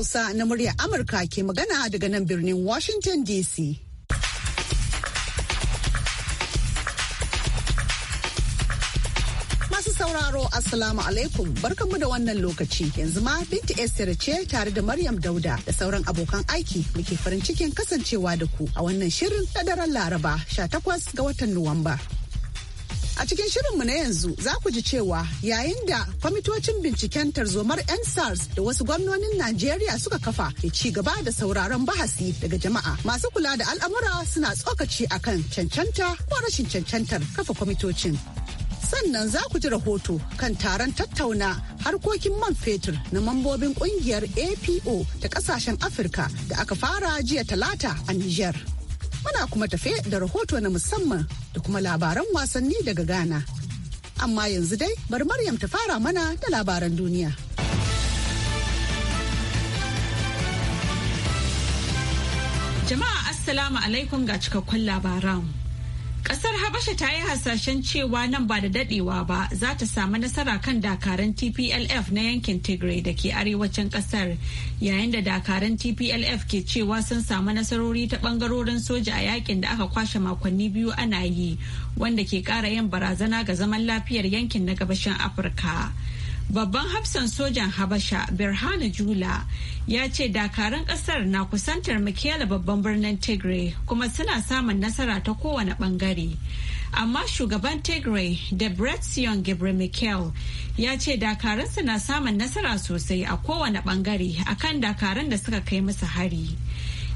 Hausa na muryar Amurka ke magana daga nan birnin Washington DC. Masu sauraro Assalamu alaikum barkanmu da wannan lokaci yanzu ma Binta Esther ce tare da Maryam Dauda da sauran abokan aiki muke farin cikin kasancewa da ku a wannan shirin na daren Laraba 18 ga watan Nuwamba. A cikin shirinmu na yanzu za ku ji cewa yayin da kwamitocin binciken tarzomar 'yan SARS da wasu gwamnonin Najeriya suka kafa ke ci gaba da sauraron bahasi daga jama'a. Masu kula da al'amura suna tsokaci akan cancanta ko rashin cancantar kafa kwamitocin. sannan za ku ji rahoto kan taron tattauna harkokin man fetur na mambobin kungiyar apo ta kasashen afirka da aka fara jiya talata a niger Muna kuma tafe da rahoto na musamman da kuma labaran wasanni daga Ghana. Amma yanzu dai bari Maryam ta fara mana da labaran duniya. Jama'a Assalamu alaikum ga cikakkun labaran. Kasar Habasha ta yi hasashen cewa nan ba da dadewa ba za ta samu nasara kan dakaran TPLF na yankin Tigray da ke arewacin kasar yayin da dakaran TPLF ke cewa sun samu nasarori ta bangarorin soja a yakin da aka kwashe makonni biyu ana yi wanda ke kara yin barazana ga zaman lafiyar yankin na gabashin Afirka. babban hafsan sojan habasha birhana jula ya ce dakarun kasar na kusantar mikela babban birnin tigray kuma suna samun nasara ta kowane bangare amma shugaban tigray da bretsion gabriel mikel ya ce dakarunsa na samun nasara sosai a kowane bangare akan dakarun da suka kai musu hari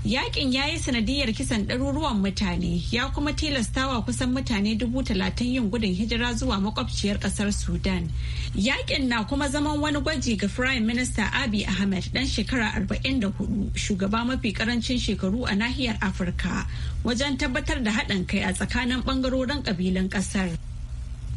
Yakin ya yi sanadiyar kisan ɗaruruwan mutane ya kuma tilastawa kusan mutane dubu talatin yin gudun hijira zuwa makwabciyar ƙasar Sudan. Yakin na kuma zaman wani gwaji ga Firayim Minista Abiy Ahmed ɗan shekara 44 shugaba mafi ƙarancin shekaru a nahiyar Afirka wajen tabbatar da haɗin kai a tsakanin ɓangarorin ƙabilan ƙasar.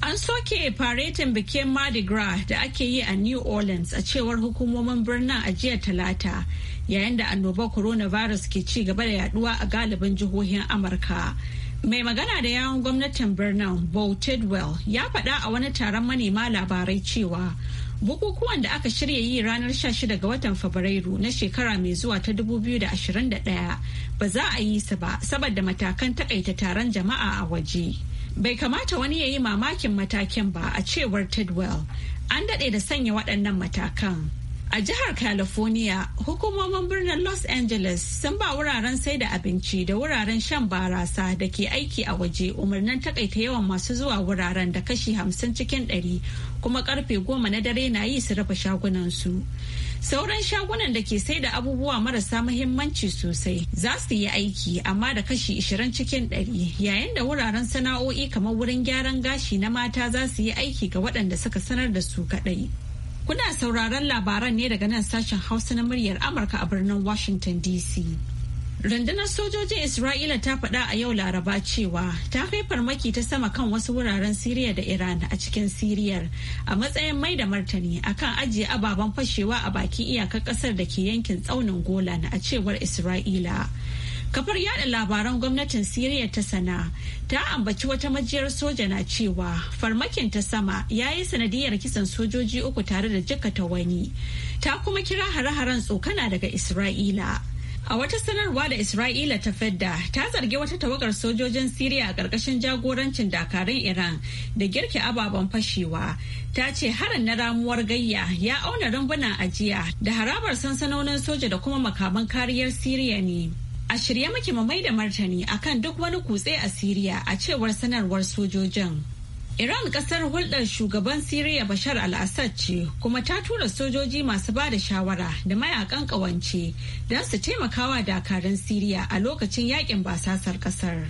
An soke faretin bikin Mardi Gras da ake yi a New Orleans a cewar hukumomin birnin a jiya talata yayin da annobar coronavirus ke ci gaba da yaduwa a galibin jihohin Amurka. Mai magana da yawon gwamnatin birnin Bo Tidwell ya faɗa a wani taron manema labarai cewa bukukuwan da aka shirya yi ranar 16 ga watan Fabrairu na shekara mai zuwa ta 2021 ba za a yi su ba saboda matakan taƙaita taron jama'a a waje. Bai kamata wani ya yi mamakin matakin ba a cewar Tidwell. An daɗe da sanya waɗannan matakan. A jihar California, hukumomin birnin Los Angeles sun ba wuraren sai da abinci da wuraren shan barasa da ke aiki a waje umarnin takaita yawan masu zuwa wuraren da kashi hamsin cikin ɗari kuma karfe goma na dare na yi su rufe shagunansu. sauran shagunan da ke sai da abubuwa marasa muhimmanci sosai za su yi aiki amma da kashi 20 cikin 100 yayin da wuraren sana'o'i kamar wurin gyaran gashi na mata za su yi aiki ga waɗanda suka sanar da su kaɗai. Kuna sauraron labaran ne daga nan sashen Hausa na muryar Amurka a birnin Washington DC. Rundunar sojojin Isra'ila ta faɗa a yau Laraba cewa ta kai farmaki ta sama kan wasu wuraren Siriya da Iran a cikin Siriyar a matsayin mai da martani akan ajiye ababen fashewa a bakin iyakar ƙasar da ke yankin tsaunin Golan a cewar Isra'ila. kafar yada labaran gwamnatin siriya ta sana ta ambaci wata majiyar soja na cewa farmakin ta sama ya yi sanadiyar kisan sojoji uku tare da jikata wani ta kuma kira hare-haren tsokana daga isra'ila A wata sanarwa da Isra'ila ta fadda ta zargi wata tawagar sojojin Siriya a ƙarƙashin jagorancin dakarun Iran da girke ababen fashewa. Ta ce harin na ramuwar gayya ya auna rumbunan ajiya da harabar sansanonin soja da kuma makaman kariyar Siriya ne. A shirya muke mai da martani akan duk wani kutse a Siriya a cewar sanarwar sojojin. Iran kasar hulɗar shugaban Siriya Bashar al-Assad ce kuma ta tura sojoji masu ba da shawara da mayakan ƙawance don su taimakawa dakarun Siriya a lokacin yakin basasar kasar.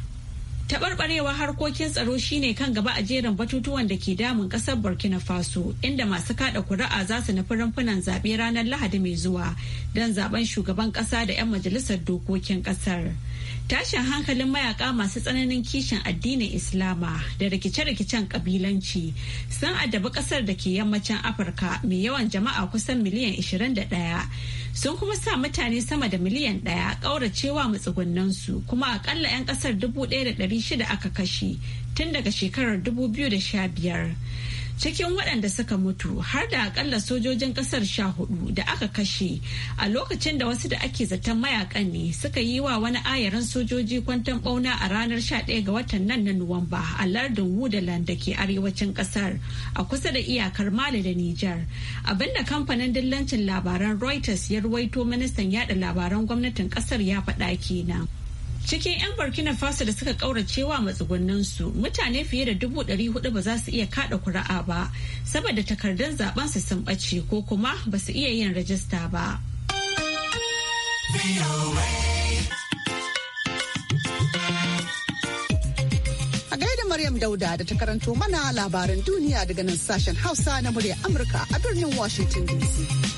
Taɓarɓarewa harkokin tsaro shine kan gaba a jerin batutuwan da ke damun ƙasar Burkina Faso inda masu kada kuri'a za su nufi rumfunan zaɓe ranar Lahadi mai zuwa don zaben shugaban ƙasa da 'yan majalisar dokokin ƙasar. tashin hankalin mayaka masu tsananin kishin addinin islama da rikice-rikicen kabilanci sun addabi kasar da ke yammacin afirka mai yawan jama'a kusan miliyan 21 sun kuma sa mutane sama da miliyan daya kauracewa matsugunansu kuma akalla 'yan kasar 1,600 aka kashe tun daga shekarar 2015 cikin waɗanda suka mutu har da akalla sojojin ƙasar sha hudu da aka kashe a lokacin da wasu da ake zaton mayakan ne suka yi wa wani ayaran sojoji kwanton ɓauna a ranar sha 11 ga watan nan na nuwamba a lardin wudaland da ke arewacin ƙasar a kusa da iyakar mali da nijar abinda kamfanin dillancin labaran reuters ya ruwaito ministan yada labaran gwamnatin ƙasar ya faɗa kenan cikin 'yan burkina faso da suka cewa wa su mutane fiye da dubu ɗari hudu ba za su iya kada kura'a ba saboda takardun zaben su sun ɓace ko kuma ba su iya yin rajista ba a gaida maryam dauda da ta karanto mana labaran duniya daga nan sashen hausa na murya amurka a birnin washington dc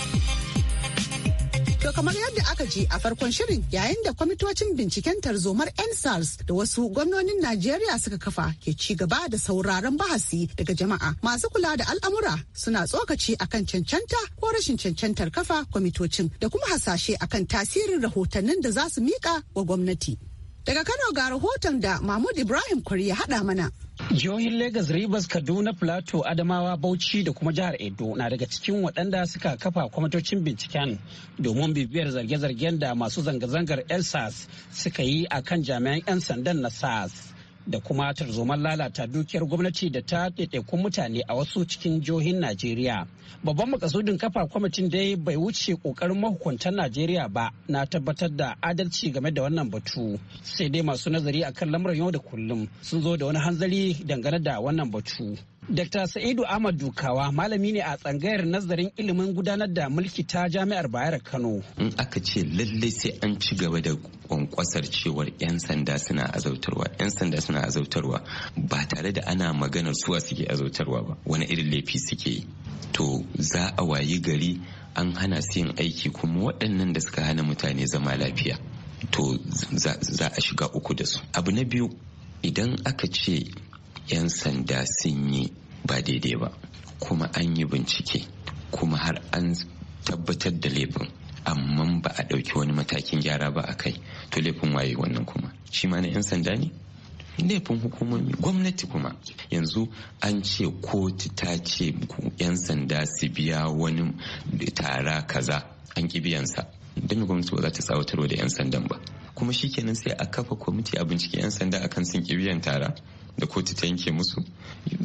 To kamar yadda aka ji a farkon shirin yayin da kwamitocin binciken tarzomar NSARS da wasu gwamnonin Najeriya suka kafa ke ci gaba da sauraron bahasi daga jama'a masu kula da al'amura suna tsokaci akan cancanta ko rashin cancantar kafa kwamitocin da kuma hasashe akan tasirin rahotannin da za su miƙa wa gwamnati. Daga Kano ga rahoton da Mahmud Ibrahim Kwari ya haɗa mana. Jihohin Legas, Rivers, Kaduna, Plateau, Adamawa, Bauchi da kuma jihar Edo na daga cikin waɗanda suka kafa kwamitocin binciken domin bibiyar zarge-zargen da masu zanga-zangar 'yan SARS suka yi a kan jami'an 'yan sandan na sas. da kuma tarzoman lalata dukiyar gwamnati da ta ɗaiɗaikun mutane a wasu cikin jihohin Najeriya. Babban makasudin kafa kwamitin dai bai wuce ƙoƙarin mahukuntan Najeriya ba na tabbatar da adalci game da wannan batu. Sai dai masu nazari akan lamuran yau da kullum sun zo da wani hanzari dangane da wannan batu. Dr. Sa'idu Ahmad Dukawa malami ne a tsangayar nazarin ilimin gudanar da mulki ta Jami'ar Bayar Kano. In aka ce lallai sai an ci gaba da kwankwasar cewar 'yan sanda suna azautarwa, 'yan sanda suna azautarwa ba tare da ana maganar suwa suke azautarwa ba, wani irin laifi suke yi. To za a wayi gari an hana su yin aiki kuma waɗannan da suka hana mutane zama lafiya. To za a shiga uku da su. Abu na biyu idan aka ce 'yan sanda sun yi ba daidai ba kuma an yi bincike kuma har an tabbatar da laifin amma ba a ɗauki wani matakin gyara ba a kai to laifin waye wannan kuma shi ma na 'yan sanda ne laifin hukumomi gwamnati kuma yanzu an ce kotu ta ce 'yan sanda su biya wani tara kaza an ƙi biyansa don gwamnati ba za ta tsawatarwa da 'yan sandan ba kuma shi shikenan sai a kafa kwamiti a bincike 'yan sanda akan sun ƙi biyan tara da kotu ta yanke musu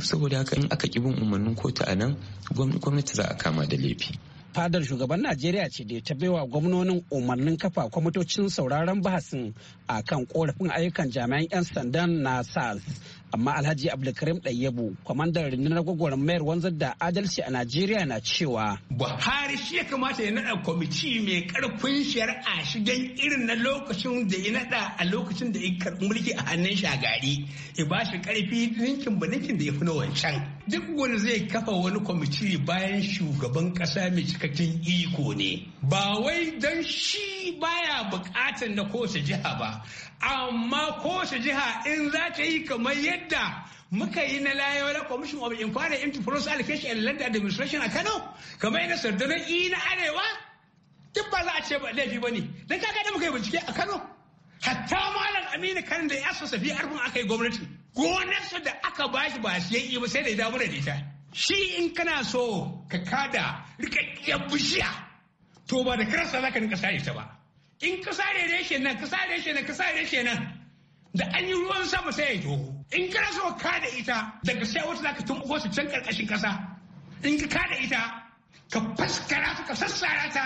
saboda haka in aka kibin umarnin kotu a nan gwamnati za a kama da laifi fadar shugaban najeriya ce da ta baiwa gwamnonin umarnin kafa kwamitocin sauraron bahasin a kan korafin ayyukan jami'an 'yan sandan na sars amma alhaji abdulkarim ɗayyabu kwamandan rundunar gwagwarmayar wanzar da adalci a najeriya na cewa buhari shi ya kamata ya naɗa kwamiti mai ƙarfin shari'a shi irin na lokacin da ya naɗa a lokacin da ya karɓi mulki a hannun shagari ya ba shi ƙarfi ninkin ba ninkin da ya fi na wancan duk wani zai kafa wani kwamiti bayan shugaban ƙasa mai cikakken iko ne ba wai don shi baya bukatan na kowace jiha ba amma kowace jiha in za ta yi kamar yadda muka yi na na commission of inquiry into process allocation and land administration a kano kamar yana sardunan i e na arewa duk ba za a ce ba laifi ba ne don kaga da muka yi bincike a kano hatta malam aminu kan da ya sassa fi arfin aka yi gwamnati gonarsa da aka bashi ba shi ya ba sai da ya damu da ita shi in kana so ka kada rikakkiyar bishiya to ba da karsa za ka rinka sare ta ba in ka sare da yake nan ka sare shi nan ka sare shi nan da an yi ruwan sama sai ya toho in ka so ka da ita daga sai wata zaka tumbo su can karkashin kasa in ka da ita ka faskara ta ka sassara ta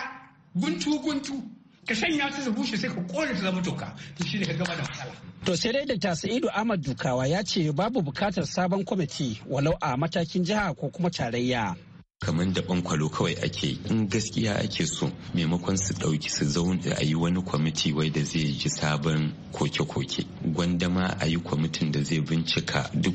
guntu guntu ka shanya ta su bushe sai ka kore ta zama toka to ne ka gama da matsala to sai dai da tasidu ahmad dukawa ya ce babu bukatar sabon kwamiti walau a matakin jiha ko kuma tarayya kamar da bankwalo kawai ake in gaskiya ake so maimakon su ɗauki su zaune a yi wani kwamiti wai da zai ji sabon koke-koke gwandama a yi kwamitin da zai bincika duk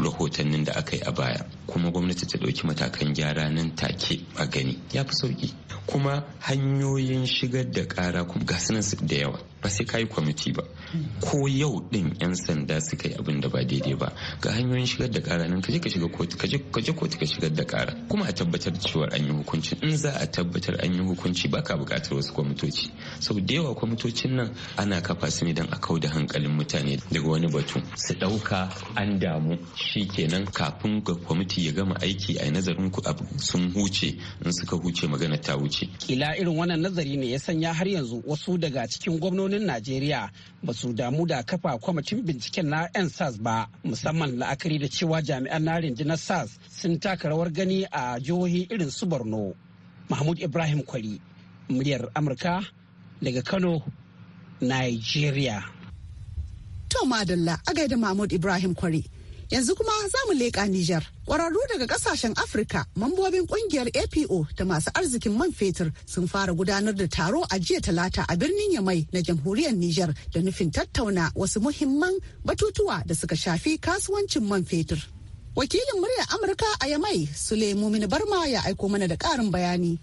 rahotannin da aka yi a baya kuma gwamnati ta ɗauki matakan gyara nan take a gani ya fi sauki kuma hanyoyin shigar da ƙara kuma gasunan da yawa ba sai kayi kwamiti ba ko yau din yan sanda suka yi abin da ba daidai ba ga hanyoyin shigar da kara nan kaje ka shiga kotu kaje kotu ka shigar da kara kuma a tabbatar da cewa an yi hukunci in za a tabbatar an yi hukunci baka bukatar wasu kwamitoci sau da yawa kwamitocin nan ana kafa su ne don a kau da hankalin mutane daga wani batu su ɗauka an damu shi kenan kafin ga kwamiti ya gama aiki a nazarin ku sun huce in suka huce magana ta wuce kila irin wannan nazari ne ya sanya har yanzu wasu daga cikin gwamnati gwamnonin najeriya ba su damu da kafa kwamitin binciken na 'yan sas ba musamman la'akari da cewa jami'an na rundunar sas sun taka rawar gani a jihohi irin su borno mahmud ibrahim kwari muryar amurka daga kano nigeria to madalla a gaida mahmud ibrahim kwari Yanzu kuma za mu leƙa Nijar. Ƙwararru daga ƙasashen Afirka, mambobin ƙungiyar APO da masu arzikin man fetur sun fara gudanar da taro a jiya talata a birnin Yamai na jamhuriyar Nijar da nufin tattauna wasu muhimman batutuwa da suka shafi kasuwancin man fetur. Wakilin muryar Amurka a Yamai, Suleimu Barma ya aiko mana da ƙarin bayani.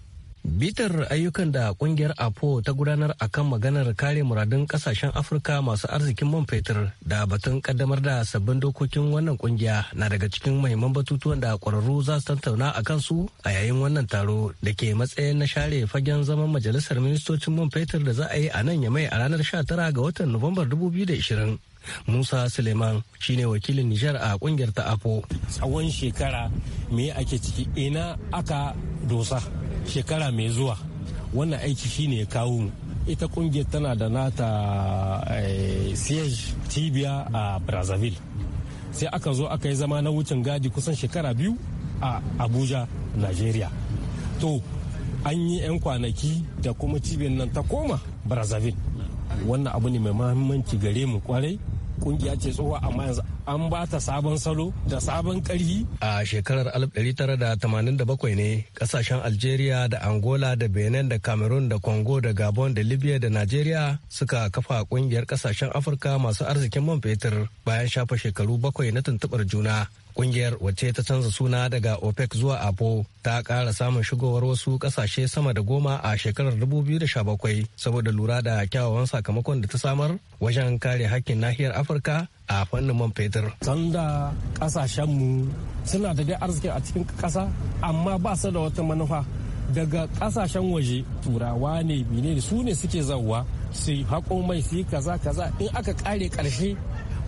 bitar ayyukan da kungiyar apo ta gudanar akan maganar kare muradun kasashen afirka masu arzikin man fetur da batun kaddamar da sabbin dokokin wannan kungiya na daga cikin mahimman batutuwan da kwararru za su tattauna a kansu a yayin wannan taro da ke matsayin na share fagen zaman majalisar ministocin man fetur da za a yi a nan ya mai a ranar 19 ga watan nuwambar 2020 Musa Suleiman shine wakilin Nijar a kungiyar ta Apo. Tsawon shekara me ake ciki ina aka dosa shekara mai zuwa wannan aiki shine ya kawo mu ita kungiyar tana da nata eh, siege cibiya a brazzaville sai aka zo aka yi zama na wucin gadi kusan shekara biyu a abuja nigeria to an yi 'yan kwanaki da kuma cibiyar nan ta koma brazzaville wannan abu ne mai mahimmanci gare mu kwarai kungiya ce tsohuwa amma yanzu an ba ta sabon salo da sabon ƙarfi. A shekarar 1987 ne ƙasashen Algeria da Angola da Benin da Cameroon da Congo da Gabon da Libya da nigeria suka kafa ƙungiyar ƙasashen Afirka masu arzikin man fetur bayan shafa shekaru bakwai na tuntuɓar juna Kungiyar wacce ta canza suna daga OPEC zuwa APO ta kara samun shigowar wasu kasashe sama da goma a shekarar 2017 saboda lura da kyawawan sakamakon da ta samar wajen kare hakkin nahiyar Afirka a fannin man fetur. Sanda ƙasashenmu suna da dai arziki a cikin ƙasa amma ba su da wata manufa daga ƙasashen waje turawa ne bine su ne suke zauwa su haƙo mai su yi kaza kaza in aka kare ƙarshe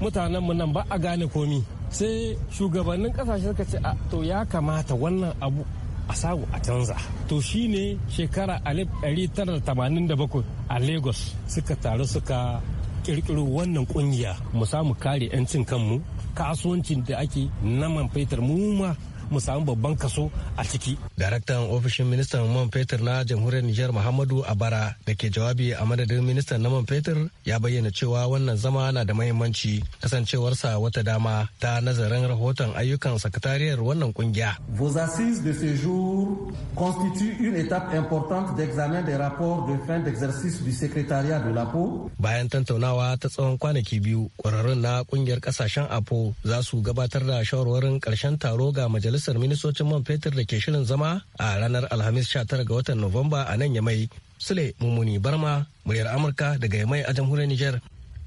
mutanenmu nan ba a gane komi. sai shugabannin kasashe suka ce ah, to ya kamata wannan abu a samu a canza to shine shekara 1987 a lagos suka taru suka kirkiro wannan kungiya mu samu kare 'yancin kanmu kasuwancin da ake naman fetur mu ma mu samu babban kaso a ciki. Daraktan ofishin ministan man fetur na jamhuriyar Nijar Muhammadu Abara da ke jawabi a madadin ministan na man fetur ya bayyana cewa wannan zama na da mahimmanci kasancewarsa wata dama ta nazarin rahoton ayyukan sakatariyar wannan kungiya. Vos assises de ce jour constituent une étape importante d'examen des rapports de fin d'exercice du secrétariat de l'APO. Bayan tantaunawa ta tsawon kwanaki biyu, kwararrun na kungiyar kasashen APO za su gabatar da shawarwarin karshen taro ga majalisar majalisar ministocin man fetur da ke shirin zama a ranar alhamis 19 ga watan nuwamba a nan yamai sule mummuni barma muryar amurka daga yamai a jamhuriyar niger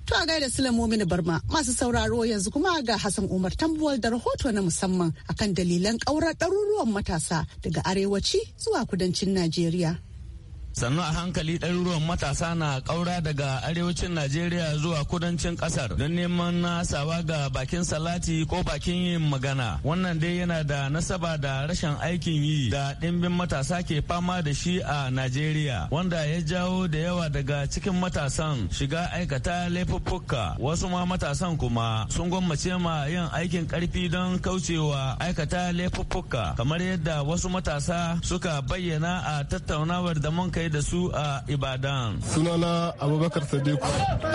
To a gaida Sule mummuni Barma masu sauraro yanzu kuma ga Hassan Umar Tambuwal da rahoto na musamman akan dalilan ƙaurar ɗaruruwan matasa daga arewaci zuwa kudancin Najeriya. sannu a hankali ɗaruruwan matasa na ƙaura daga arewacin najeriya zuwa kudancin ƙasar don neman nasawa ga bakin salati ko bakin yin magana wannan dai yana da nasaba da rashin aikin yi da ɗimbin matasa ke fama da shi a najeriya wanda ya jawo da yawa daga cikin matasan shiga aikata laifuffuka wasu ma matasan kuma sun gwammace ma yin aikin ƙarfi don kaucewa aikata laifuffuka kamar yadda wasu matasa suka bayyana a tattaunawar da kai kai yi da su a Ibadan. Sunana Abubakar Sadiku.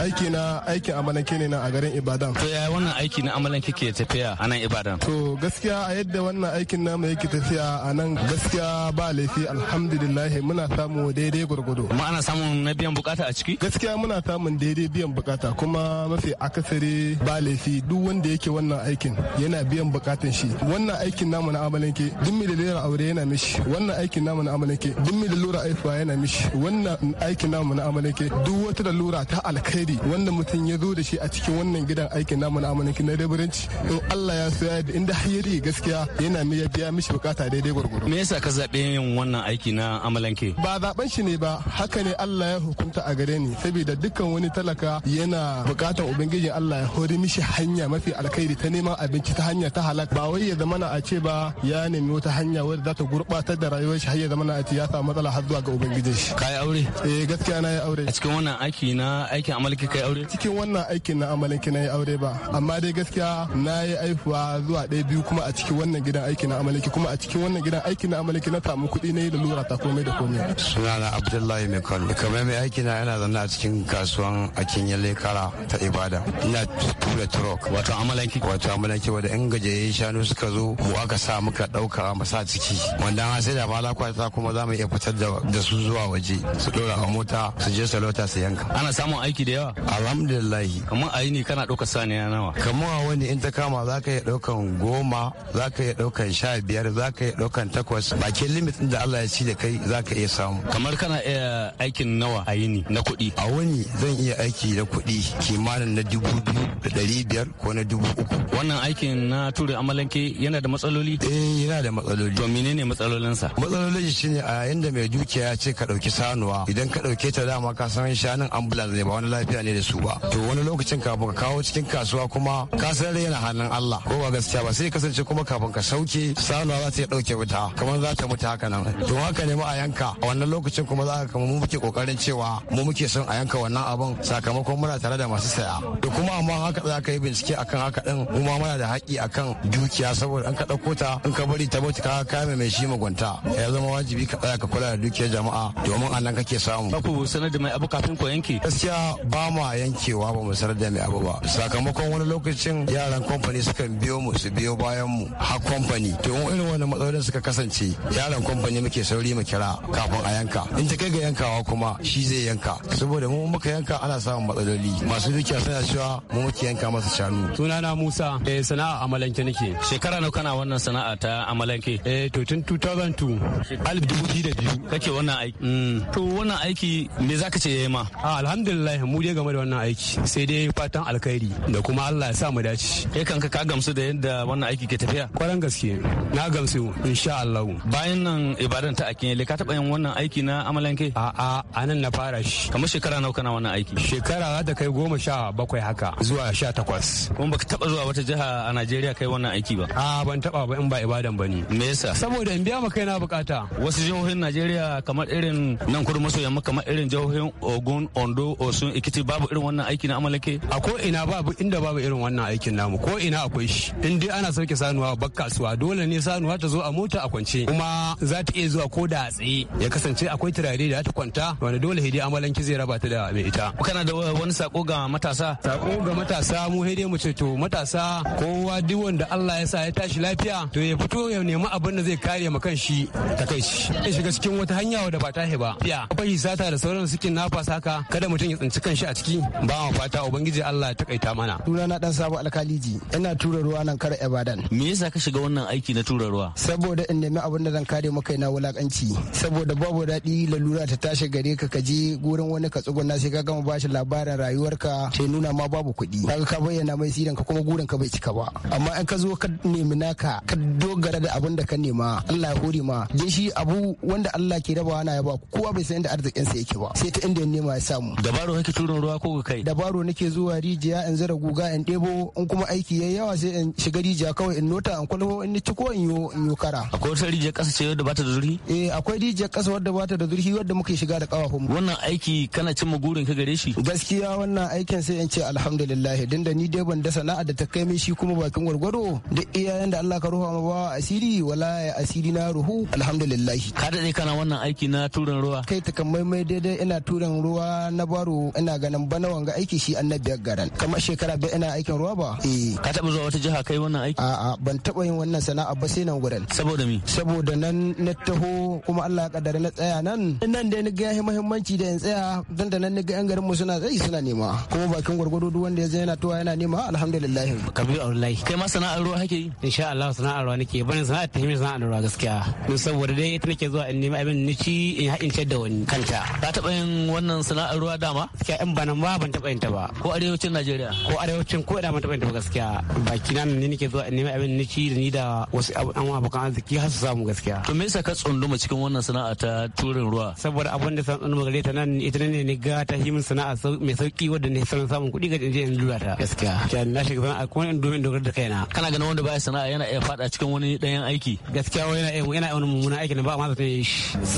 Aiki na aikin amalanke ne na a garin Ibadan. To yaya wannan aiki na amalanke ke tafiya a nan Ibadan? To gaskiya a yadda wannan aikin namu yake tafiya a nan gaskiya ba laifi alhamdulillah muna samu daidai gurgudu. Kuma ana samun na biyan bukata a ciki? Gaskiya muna samun daidai biyan bukata kuma mafi akasari ba laifi duk wanda yake wannan aikin yana biyan bukatan shi. Wannan aikin namu na amalanke dimmi da lura aure yana mishi wannan aikin namu na amalanke dimmi da lura aifuwa yana mishi wannan aikin namu na amalanke duk wata lalura ta alkhairi wanda mutum ya zo da shi a cikin wannan gidan aikin namu na amalanke na dabaranci in Allah ya so da inda hayyari gaskiya yana ya biya mishi bukata daidai gurguru me yasa ka zabe yin wannan aiki na amalanke ba zaben shi ne ba haka ne Allah ya hukunta a gare ni saboda dukkan wani talaka yana bukatar ubangijin Allah ya hori mishi hanya mafi alkhairi ta neman abinci ta hanya ta halak ba wai ya zamana a ce ba ya nemi wata hanya wadda za ta gurbatar da rayuwar shi har ya zamana a ce ya samu matsala har zuwa ga ubangiji da shi yi aure eh gaskiya na yi aure a cikin wannan aiki na aikin ka yi aure cikin wannan aikin na amalinki na yi aure ba amma dai gaskiya na yi aihuwa zuwa ɗaya biyu kuma a cikin wannan gidan aiki na amalinki kuma a cikin wannan gidan aiki na amalinki na samu kuɗi na yi lura ta komai da komai sunana abdullahi mai kwallo kamar mai aiki na yana zanna a cikin kasuwan akin yalle kara ta ibada ina tura truck wato amalanki wato amalanki wanda in gaje shanu suka zo mu aka sa muka ɗauka mu sa ciki wanda an sai da malakwa ta kuma za mu iya fitar da su zuwa zuwa waje su dora a mota su je salota su yanka ana samun aiki da yawa alhamdulillah kamar a ne kana ɗaukar saniya nawa kamar a wani in ta kama za ka iya ɗaukan goma za ka iya ɗaukan sha biyar za ka iya ɗaukan takwas bakin limit da Allah ya ci da kai za ka iya samu kamar kana iya aikin nawa a ne na kuɗi a wani zan iya aiki na kuɗi kimanin na dubu biyu da ɗari biyar ko na dubu uku wannan aikin na ture amalanke yana da matsaloli eh yana da matsaloli to menene matsalolinsa matsalolin shine a yanda mai dukiya ce ka ka ɗauki sanuwa idan ka ɗauke ta dama ka san shanun ambulance ne ba wani lafiya ne da su ba to wani lokacin kafin ka kawo cikin kasuwa kuma ka san rai yana hannun Allah ko ba gaskiya ba sai kasance kuma kafin ka sauke sanuwa za ta iya ɗauke wuta kamar za ta mutu haka nan to haka ne mu a yanka a wannan lokacin kuma za ka kama mu muke kokarin cewa mu muke son a yanka wannan abin sakamakon muna tare da masu saya to kuma amma haka za ka yi bincike akan haka din kuma muna da haƙƙi akan dukiya saboda an ka ɗauko ta in ka bari ta mutu ka kame mai shi mugunta ya zama wajibi ka tsaya ka kula da dukiyar jama'a domin a nan kake samu. Ba ku sanar da mai abu kafin ku yanke? Gaskiya ba ma yankewa ba mu sanar da mai abu ba. Sakamakon wani lokacin yaran kamfani sukan biyo mu su biyo bayan mu Ha kamfani. To in irin wani matsalolin suka kasance yaran kamfani muke sauri mu kira kafin a yanka. In ta kai ga yankawa kuma shi zai yanka. Saboda mu muka yanka ana samun matsaloli. Masu dukiya suna cewa mu muke yanka masa shanu. Sunana Musa eh, sana'a amalanke nake. Shekara nawa kana wannan sana'a ta amalanke? Eh to tun 2002 alif dubu biyu da biyu kake wannan aiki. To wannan aiki me za ka ce ya yi ma? Alhamdulillah mu dai game da wannan aiki sai dai fatan alkhairi da kuma Allah ya sa mu dace. Kai kanka ka gamsu da yadda wannan aiki ke tafiya? Kwaran gaske na gamsu insha Allah. Bayan nan ibadan ta akin ka taɓa yin wannan aiki na amalanke? A'a a nan na fara shi. Kamar shekara nawa kana wannan aiki? Shekara za ta kai goma sha bakwai haka zuwa sha takwas. Kuma baka taɓa zuwa wata jiha a Najeriya kai wannan aiki ba? A ban taɓa ba in ba ibadan ba ne. Me yasa? Saboda in biya ma na bukata. Wasu jihohin Najeriya kamar irin nan nan kudu maso yamma kamar irin jihohin Ogun, Ondo, Osun, Ikiti babu irin wannan aiki na amalake? A ko ina babu inda babu irin wannan aikin namu ko ina akwai shi. In dai ana sauke sanuwa bak kasuwa dole ne sanuwa ta zo a mota a kwance kuma za ta iya zuwa ko da a tsaye ya kasance akwai turare da ta kwanta wanda dole hidi amalanki zai raba ta da mai ita. Kana da wani sako ga matasa? Sako ga matasa mu hidi mu ce to matasa kowa duk wanda Allah ya sa ya tashi lafiya to ya fito ya nemi abin da zai kare ma kan shi ta kai shi. shiga cikin wata hanya da ba tahi ba ya sata da sauran suke na fasaka kada mutum ya tsinci kanshi a ciki ba mu fata ubangiji Allah ya takaita mana na dan sabo alkaliji ina tura ruwa nan kar Ibadan me yasa ka shiga wannan aiki na tura ruwa saboda in nemi abin da zan kare maka na wulakanci saboda babu daɗi lalura ta tashi gare ka ka je gurin wani ka tsugunna sai ka gama bashi labarin rayuwarka sai nuna ma babu kuɗi kaka ka bayyana mai siran ka kuma gurin ka bai cika ba amma in ka zo ka nemi naka ka dogara da abin da ka nema Allah ya hore ma je shi abu wanda Allah ke rabawa na ba kowa bai san inda arzikinsa yake ba sai ta inda ya nema ya samu dabaro kake turin ruwa ko kai dabaro nake zuwa rijiya in zira guga in debo in kuma aiki yayi yawa sai in shiga rijiya kawai in nota in kwalo in ci ko in yo in yo kara akwai wata rijiya kasa ce wadda bata da zurfi eh akwai rijiya kasa wadda bata da zurfi wadda muke shiga da kafafun wannan aiki kana cimma gurin ka gare shi gaskiya wannan aikin sai in ce alhamdulillah din da ni dai ban da sana'a da ta kai min shi kuma bakin gwargwado da iyayen da Allah ka ruha ma ba asiri wala asiri na ruhu alhamdulillah ka dade kana wannan aiki na turin ruwa kai takamaimai daidai ina turin ruwa na baro ina ganin bana wanga aiki shi biyar garan kamar shekara biyar ina aikin ruwa ba eh ka taba zuwa wata jiha kai wannan aiki a'a ban taba yin wannan sana'a ba sai nan gurin saboda me saboda nan na taho kuma Allah ya kaddara na tsaya nan nan dai ni ga muhimmanci da in tsaya dan da nan ni ga yan garin mu suna tsayi suna nema kuma bakin gurgudu duk wanda ya zai yana towa yana nema alhamdulillah kabiru aulahi kai ma sana'ar ruwa kake yi insha Allah sana'ar ruwa nake barin sana'ar ta himmi sana'ar ruwa gaskiya don saboda dai ita nake zuwa in nemi abin ni ci yin haɗin kai da wani kanta ka taɓa yin wannan sana'ar ruwa dama gaskiya in bana ma ban taɓa yin ta ba ko arewacin najeriya ko arewacin ko ina ban taɓa yin ta ba gaskiya baki na ne nake zuwa in nemi abin ni ci da ni da wasu an abokan arziki har su samu gaskiya to me yasa ka tsunduma cikin wannan sana'a ta turin ruwa saboda abin da san tsunduma gare ta nan ita ne ne ga ta himin sana'a mai sauki wadda ne sanin samun kuɗi ga injin lura ta gaskiya kyan na shiga sana'a kuma in domin dogara da kaina kana ganin wanda baya sana'a yana iya fada cikin wani ɗayan aiki gaskiya wani yana yana wani mummunan aiki na ba ma zata yi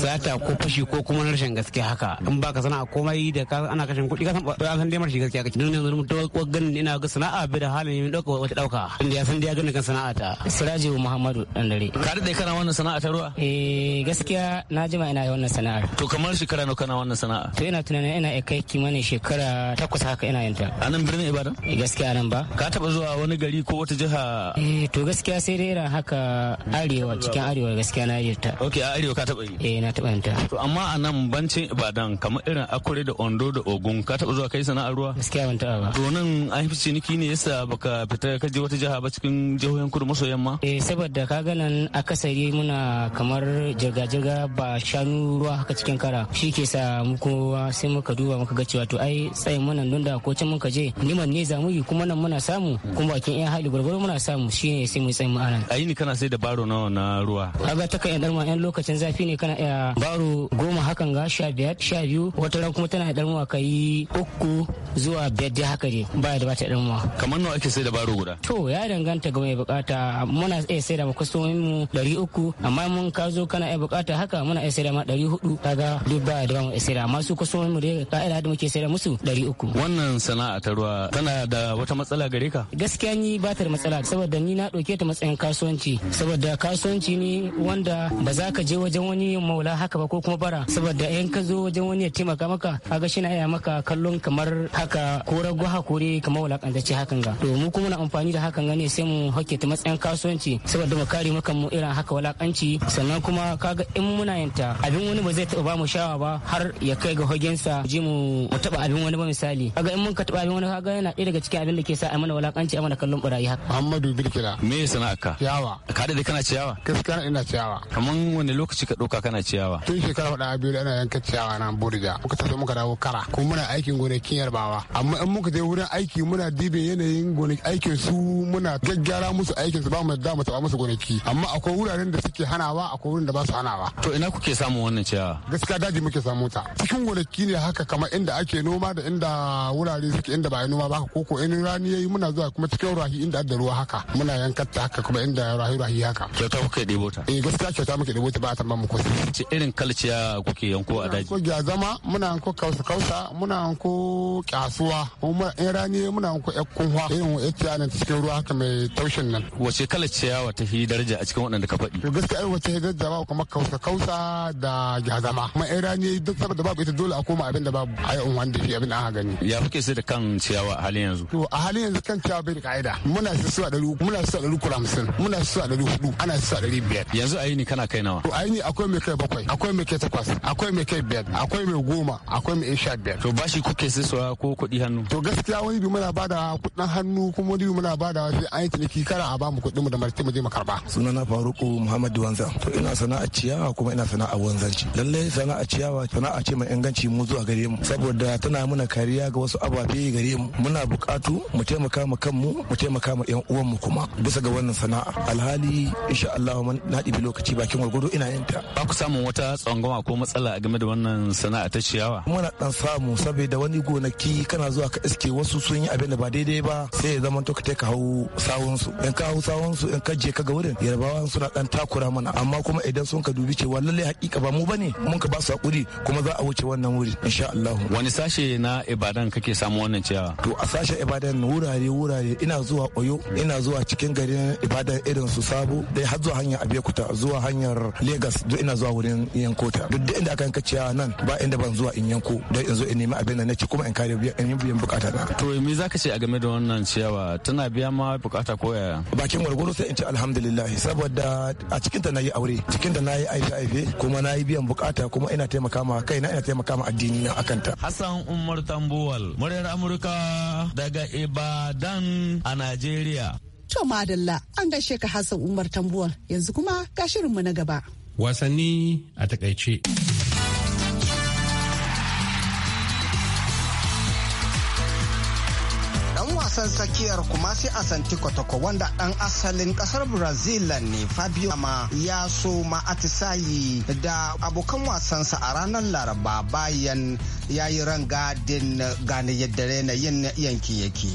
sata ko fashi ko kuma na rashin gaskiya haka in ba ka sana'a komai da ka ana kashin kuɗi ka san san dai marashi gaskiya kake don yanzu mutum ko ganin ina ga sana'a bai da halin yin dauka wata dauka inda ya san dai ya ganin kan sana'a ta Siraji Muhammadu dare ka dade kana wannan sana'a ta ruwa eh gaskiya na jima ina wannan sana'ar to kamar shekara nawa kana wannan sana'a to ina tunanin ina kai kimanin shekara takwas haka ina yin ta a nan birnin Ibadan eh, gaskiya nan ba ka taba zuwa wani gari ko wata jiha eh to gaskiya sai dai irin haka arewa cikin arewa gaskiya na yi ta okay a arewa ka taba yi eh na taba yin ta to amma a nan bancin ibadan kamar irin akure da ondo da ogun ka taɓa zuwa kai sana'ar ruwa gaskiya ban taɓa ba to nan an fi ciniki ne yasa baka fita ka je wata jiha ba cikin jihohin kudu maso yamma eh saboda ka ga nan akasari muna kamar jirga-jirga ba shanu ruwa haka cikin kara shi ke sa mu kowa sai muka duba muka ga cewa to ai tsayin mu nan don da ko can muka je liman ne mu yi kuma nan muna samu kuma bakin yan hali gwargwaro muna samu Shi ne sai mu tsayin mu anan ayi ni kana sai da baro nawa na ruwa kaga ta kan yan ƴan lokacin zafi ne kana iya baro goma hakan ga sha biyar sha biyu wata ran kuma tana da ɗanwa kai uku zuwa biyar dai haka dai ba da bata ɗanwa. kamar nawa ake sai da baro guda. to ya danganta ga mai bukata muna iya sai da ma mu ɗari uku amma mun ka zo kana iya bukata haka muna iya sai da ma ɗari hudu kaga duk ba da mu sai da amma su mu dai ka'ida da muke sai da musu ɗari uku. wannan sana'a ta ruwa tana da wata matsala gare ka. gaskiya ni ba ta da matsala saboda ni na ɗauke ta matsayin kasuwanci saboda kasuwanci ne wanda ba za ka je wajen wani maula haka ba ko kuma bara saboda in ka zo wajen wani ya taimaka maka kaga shi na iya maka kallon kamar haka ko rago hakuri kamar wulakantacce hakan ga to mu kuma na amfani da hakan gane sai mu hake ta matsayin kasuwanci saboda mu kare maka mu irin haka wulakanci sannan kuma kaga in muna yanta abin wani ba zai taba ba mu shawa ba har ya kai ga hogensa ji mu taba abin wani ba misali kaga in mun ka taba abin wani kaga yana ɗaya daga cikin abin da ke sa a mana wulakanci a mana kallon barayi haka Muhammadu Bilkira me sana'arka ciyawa ka da kana ciyawa gaskiya ina ciyawa kaman wani lokaci ka doka kana ciyawa tun shekara hudu a biyu ana yanka ciyawa nan burja muka tafi muka dawo kara kuma muna aikin gonakin yarbawa amma in muka je wurin aiki muna dibin yanayin gonakin aikin su muna gaggara musu aikin su ba mu da mu taba musu gonaki amma akwai wuraren da suke hanawa akwai wurin da ba su hanawa to ina kuke samun wannan ciyawa gaskiya daji muke samu ta cikin gonaki ne haka kamar inda ake noma da inda wurare suke inda ba a noma ba ko ko in rani yayi muna zuwa kuma cikin rahi inda da ruwa haka muna yankar ta haka kuma inda rahi rahi haka kyauta kuke debo ta eh gaskiya kyauta muke debo ta ba ta mu kusa irin kalci itaciya kuke yanko a daji Muna yanko zama muna yanko kausa kausa muna yanko kyasuwa kuma in rani muna yanko yakkunwa irin itaciya nan cikin ruwa haka mai taushin nan wace kalar ciyawa ta fi daraja a cikin waɗanda ka faɗi to gaskiya irin wace daraja ba kuma kausa kausa da gyazama kuma in rani duk saboda babu ita dole a koma abin da babu a yi wanda fi abin da aka gani ya kuke sai da kan ciyawa a halin yanzu to a halin yanzu kan ciyawa bai da ka'ida muna su su a ɗari muna su a ɗari kura hamsin muna su a ɗari hudu ana su a ɗari biyar yanzu a yi ni kana kai nawa to a yi ni akwai mai kai bakwai akwai mai ke takwas akwai mai kai biyar akwai mai goma akwai mai sha biyar. to shi kuke sisuwa ko kuɗi hannu. to gaskiya wani bi muna bada kuɗin hannu kuma wani bi muna bada sai an yi ciniki kara a bamu kuɗin mu da marti mu je mu karba. sunana faruku muhammad wanza to ina sana'a ciyawa kuma ina sana'a wanzanci lallai sana'a ciyawa sana'a ce mai inganci mu zuwa gare mu saboda tana muna kariya ga wasu ababe gare mu muna bukatu mu taimaka ma kanmu mu taimaka ma yan uwanmu kuma bisa ga wannan sana'a alhali insha Allah na ɗibi lokaci bakin gwargwado ina yin ta. ba ku samun wata tsangwama ko matsala game da wannan sana'a ta ciyawa muna dan samu saboda wani gonaki kana zuwa ka iske wasu sun yi abin da ba daidai ba sai ya zama to ka hau sawun in ka hau sawun in ka je ka ga wurin yarbawa suna dan takura mana amma kuma idan sun ka dubi cewa lallai hakika ba mu bane mun ka ba su hakuri kuma za a wuce wannan wuri insha Allah wani sashe na Ibadan kake samu wannan ciyawa to a sashen Ibadan wurare wurare ina zuwa Oyo ina zuwa cikin garin Ibadan irin su Sabo dai har zuwa hanyar Abeokuta zuwa hanyar Lagos duk ina zuwa wurin yanko mota duk da inda aka yanka ciyawa nan ba inda ban zuwa in yanko don in zo in nemi abin da na ci kuma in kare in biyan bukata na. to me zaka ce a game da wannan ciyawa tana biya ma bukata ko yaya. bakin gwargwaro sai in ce alhamdulillah saboda a cikin ta na yi aure cikin da na yi aife aife kuma na yi biyan bukata kuma ina taimaka ma kaina ina taimaka ma addini na akan ta. hassan umar tambuwal muryar amurka daga ibadan a najeriya. To madalla an gaishe ka Hassan Umar Tambuwal yanzu kuma ga shirinmu na gaba. wasanni a takaice. wasan tsakiyar kumasi santi kotoko wanda ɗan asalin ƙasar brazil ne fabio ma ya so atisayi da abokan wasansa a ranar laraba bayan ya yi rangadin gane yadda yanayin yanki yake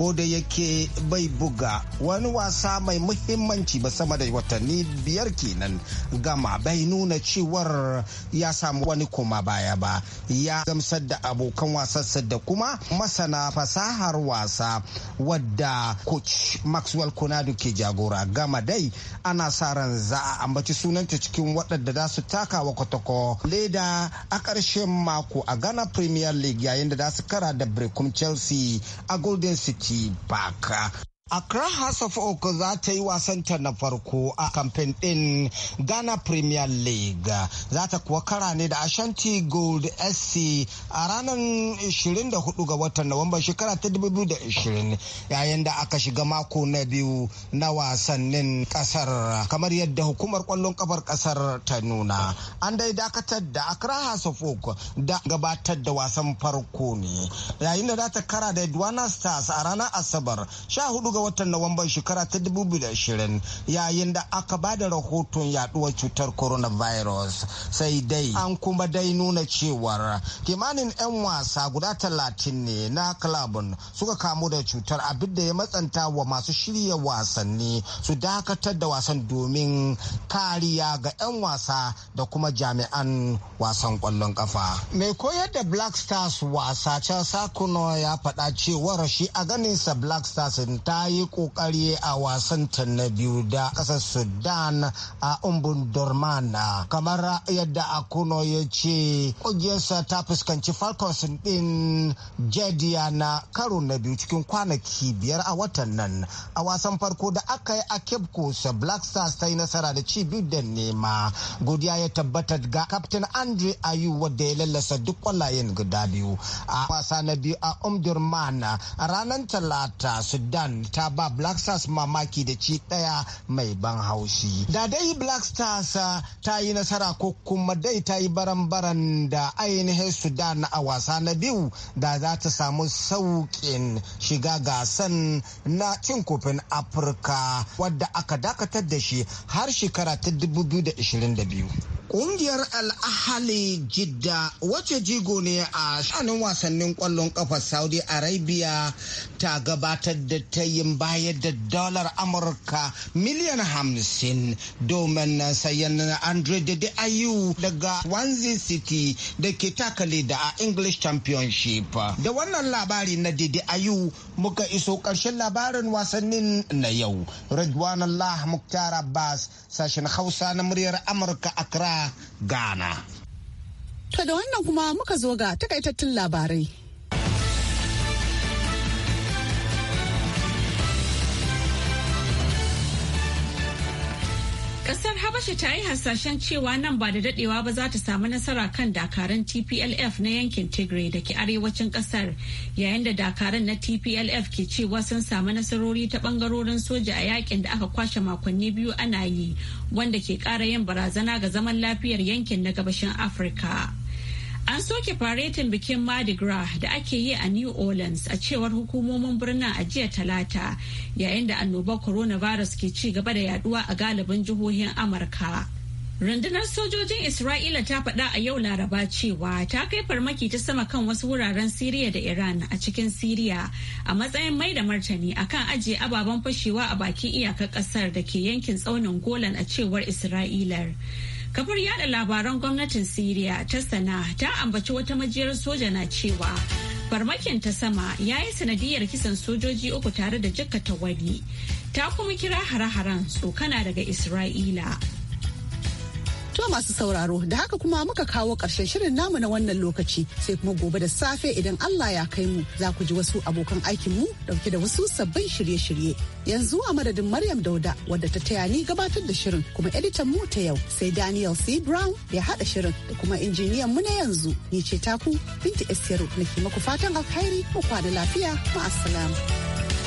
ko da yake bai buga wani wasa mai muhimmanci ba sama da watanni biyar kenan gama bai nuna cewar ya samu wani koma baya ba ya gamsar da abokan wasarsa da kuma masana fasahar wasa wadda coach maxwell konadu ke jagora gama dai ana sa ran za a ambaci sunanta cikin waɗanda za su taka wa kwatako leda a ƙarshen mako a ghana premier league yayin da za su kara da brekum chelsea a golden city baka Accra House of Oak za ta yi wasanta na farko a kamfen ɗin Ghana Premier League. Za ta kuwa kara ne da Ashanti Gold SC a ranar 24 ga watan Nuwamban shekara ta 2020 yayin da aka shiga mako na biyu na wasannin kasar kamar yadda hukumar kwallon kafar kasar ta nuna. An dai dakatar da Accra House of Oak da gabatar da wasan farko ne. Yayin da za ta kara da Edwana Stars a ranar Asabar 14 ga ga watan Nuwamban shekara ta 2020 yayin da aka ba da rahoton yaduwar cutar coronavirus sai dai an kuma dai nuna cewar kimanin 'yan wasa guda talatin ne na klabin suka kamu da cutar abin da ya matsanta wa masu shirya wasanni su dakatar da wasan domin kariya ga 'yan wasa da kuma jami'an wasan kwallon kafa. Mai koyar da Black Stars wasa can Sakuno ya faɗa cewar shi a ganin sa Black Stars ta yi kokari a wasanta na biyu da kasar sudan a umbun dormana kamar yadda akuno ya ce kungiyarsa ta fuskanci falcons din jadiya na karo na biyu cikin kwanaki biyar a watan nan a wasan farko da aka yi a cape coast black stars ta yi nasara da ci biyu da nema godiya ya tabbata ga captain andre ayu wadda ya lallasa duk kwallayen guda biyu a wasa na biyu a umdurman a ranar talata sudan ta ta ba black stars mamaki da ci ɗaya mai ban haushi da dai black stars ah, ta yi nasara ko kuma dai ta yi baran-baran da ainihin sudan a wasa na biyu da za ta samu sauƙin shiga gasan na cin kofin afirka wadda aka dakatar da shi har shekara ta 2022 Kungiyar al'ahali Jidda wace jigo ne a shanin wasannin kwallon kafa Saudi Arabia ta gabatar da tayin bayar da dalar Amurka miliyan hamsin domin sayan Andre da Ayu daga Wanzi City da ke takale da a English Championship. Da wannan labari na Dede Ayu muka iso karshen labarin wasannin na yau. Ridwan Allah Muktar Abbas sashen Hausa na muryar Amurka Accra Ghana. To da wannan kuma muka zo ga takaitattun labarai. kashe ta yi hasashen cewa nan ba da dadewa ba za ta samu nasara kan dakarun tplf na yankin tigray da ke arewacin kasar yayin da dakarun na tplf ke cewa sun samu nasarori ta bangarorin soja a yakin da aka kwashe makonni biyu ana yi wanda ke kara yin barazana ga zaman lafiyar yankin na gabashin afirka An soke faretin bikin Mardi Gras da ake yi a New Orleans a cewar hukumomin birnin a jiya talata yayin da annobar coronavirus ke ci gaba da yaduwa a galibin jihohin Amurka. Rundunar sojojin Isra'ila ta faɗa a yau Laraba cewa ta kai farmaki ta sama kan wasu wuraren Siriya da Iran a cikin Siriya a matsayin mai da martani akan ajiye ababen fashewa a bakin iyakar ƙasar da ke yankin tsaunin Golan a cewar Isra'ilar. kafar yada labaran gwamnatin Siriya ta sana ta ambaci wata majiyar soja na cewa farmakin ta sama ya yi sanadiyar kisan sojoji uku tare da jikkata wani ta kuma kira hare-haren tsokana daga Isra'ila. To masu sauraro da haka kuma muka kawo ƙarshen shirin namu na wannan lokaci sai kuma gobe da safe idan Allah ya kai mu za ku ji wasu abokan aikin mu dauke da wasu sabbin shirye-shirye. Yanzu a madadin Maryam Dauda wadda ta taya ni gabatar da shirin kuma editan mu ta yau sai Daniel C Brown ya hada shirin da kuma injiniyan mu na yanzu ni ce taku Binta Esiru nake maku fatan alkhairi ku kwana lafiya ma'assalam.